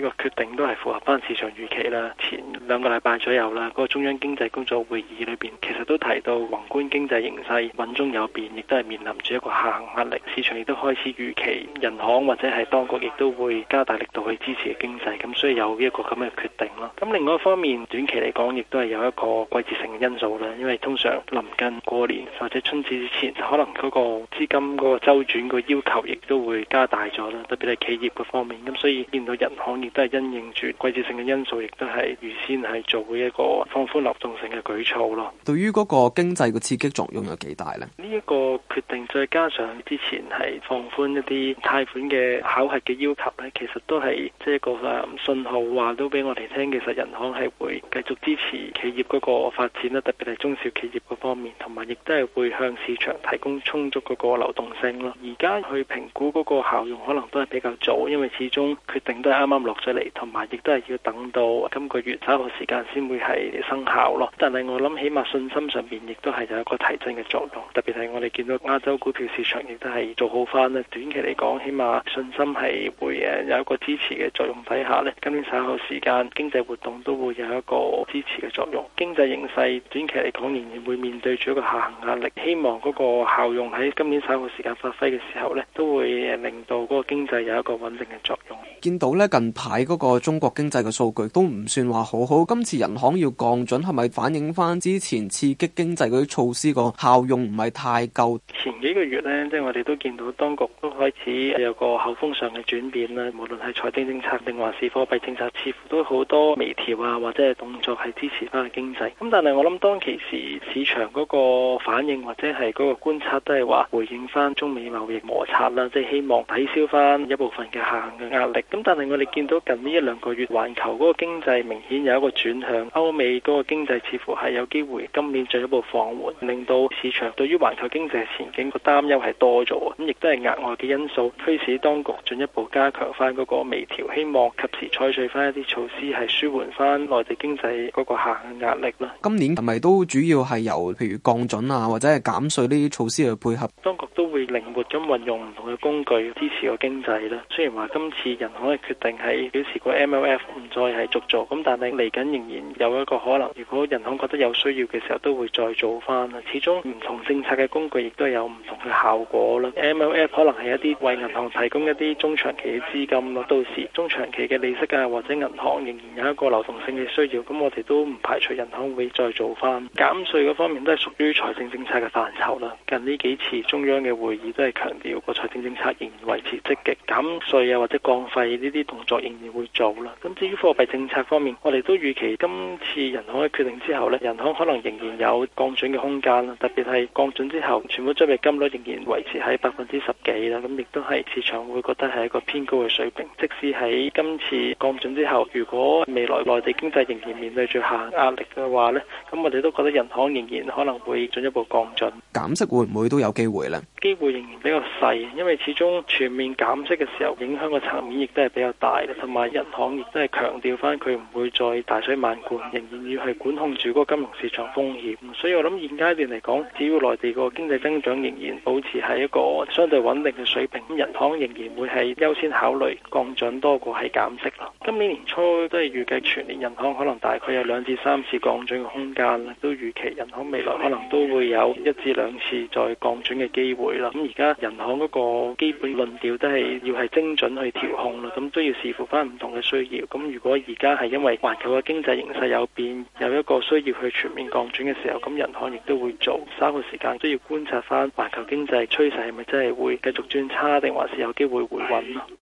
呢個決定都係符合翻市場預期啦。前兩個禮拜左右啦，嗰個中央經濟工作會議裏邊，其實都提到宏觀經濟形勢穩中有變，亦都係面臨住一個下行壓力。市場亦都開始預期，銀行或者係當局亦都會加大力度去支持經濟。咁所以有一個咁嘅決定咯。咁另外一方面，短期嚟講亦都係有一個季節性嘅因素啦。因為通常臨近過年或者春節之前，可能嗰個資金嗰個周轉個要求亦都會加大咗啦。特別係企業嗰方面，咁所以見到銀行都係因應住季節性嘅因素，亦都係預先係做一個放寬流動性嘅舉措咯。對於嗰個經濟嘅刺激作用有幾大咧？呢一個決定，再加上之前係放寬一啲貸款嘅考核嘅要求咧，其實都係即係個信號話都俾我哋聽，其實人行係會繼續支持企業嗰個發展啦，特別係中小企業嗰方面，同埋亦都係會向市場提供充足嗰個流動性咯。而家去評估嗰個效用可能都係比較早，因為始終決定都係啱啱落嚟，同埋亦都係要等到今個月稍後時間先會係生效咯。但係我諗，起碼信心上面亦都係有一個提振嘅作用。特別係我哋見到亞洲股票市場亦都係做好翻啦。短期嚟講，起碼信心係會誒有一個支持嘅作用底下呢，今年稍後時間經濟活動都會有一個支持嘅作用。經濟形勢短期嚟講仍然會面對住一個下行壓力。希望嗰個效用喺今年稍後時間發揮嘅時候呢，都會令到嗰個經濟有一個穩定嘅作用。見到呢近。喺嗰個中國經濟嘅數據都唔算話好好，今次人行要降準係咪反映翻之前刺激經濟嗰啲措施個效用唔係太夠，前幾個月咧，即係我哋都見到當局都開始有個口風上嘅轉變啦，無論係財政政策定還是貨幣政策，似乎都好多微調啊，或者係動作係支持翻經濟，咁但係我諗當其時市場嗰個反應或者係嗰個觀察都係話回應翻中美貿易摩擦啦，即係希望抵消翻一部分嘅下行嘅壓力。咁但係我哋見。都近呢一兩個月，環球嗰個經濟明顯有一個轉向，歐美嗰個經濟似乎係有機會今年進一步放緩，令到市場對於環球經濟前景個擔憂係多咗，咁亦都係額外嘅因素推使當局進一步加強翻嗰個微調，希望及時採取翻一啲措施係舒緩翻內地經濟嗰個下行壓力啦。今年係咪都主要係由譬如降準啊，或者係減稅呢啲措施去配合？當局都會靈活咁運用唔同嘅工具支持個經濟啦。雖然話今次人行嘅決定係。表示過 MLF 唔再係續做，咁但係嚟緊仍然有一個可能，如果銀行覺得有需要嘅時候，都會再做翻啦。始終唔同政策嘅工具亦都有唔同嘅效果啦。MLF 可能係一啲為銀行提供一啲中長期嘅資金咯，到時中長期嘅利息啊，或者銀行仍然有一個流動性嘅需要，咁我哋都唔排除銀行會再做翻。減稅嗰方面都係屬於財政政策嘅範疇啦。近呢幾次中央嘅會議都係強調個財政政策仍然維持積極減稅啊或者降費呢啲動作。仍然會做啦。咁至於貨幣政策方面，我哋都預期今次人行嘅決定之後咧，人行可能仍然有降準嘅空間啦。特別係降準之後，存款準備金率仍然維持喺百分之十幾啦。咁亦都係市場會覺得係一個偏高嘅水平。即使喺今次降準之後，如果未來內地經濟仍然面對住下行壓力嘅話咧，咁我哋都覺得人行仍然可能會進一步降準。減息會唔會都有機會咧？機會仍然比較細，因為始終全面減息嘅時候，影響嘅層面亦都係比較大嘅。同埋人行亦都係強調翻，佢唔會再大水漫灌，仍然要係管控住嗰個金融市場風險。所以我諗現階段嚟講，只要內地個經濟增長仍然保持喺一個相對穩定嘅水平，咁人行仍然會係優先考慮降準多過係減息啦。今年年初都係預計全年人行可能大概有兩至三次降準嘅空間啦，都預期人行未來可能都會有一至兩次再降準嘅機會啦。咁而家人行嗰個基本論調都係要係精準去調控啦，咁都要視乎返唔同嘅需要，咁如果而家係因為環球嘅經濟形勢有變，有一個需要去全面降準嘅時候，咁人行亦都會做。三個時間都要觀察翻環球經濟趨勢係咪真係會繼續轉差，定還是有機會回穩咯？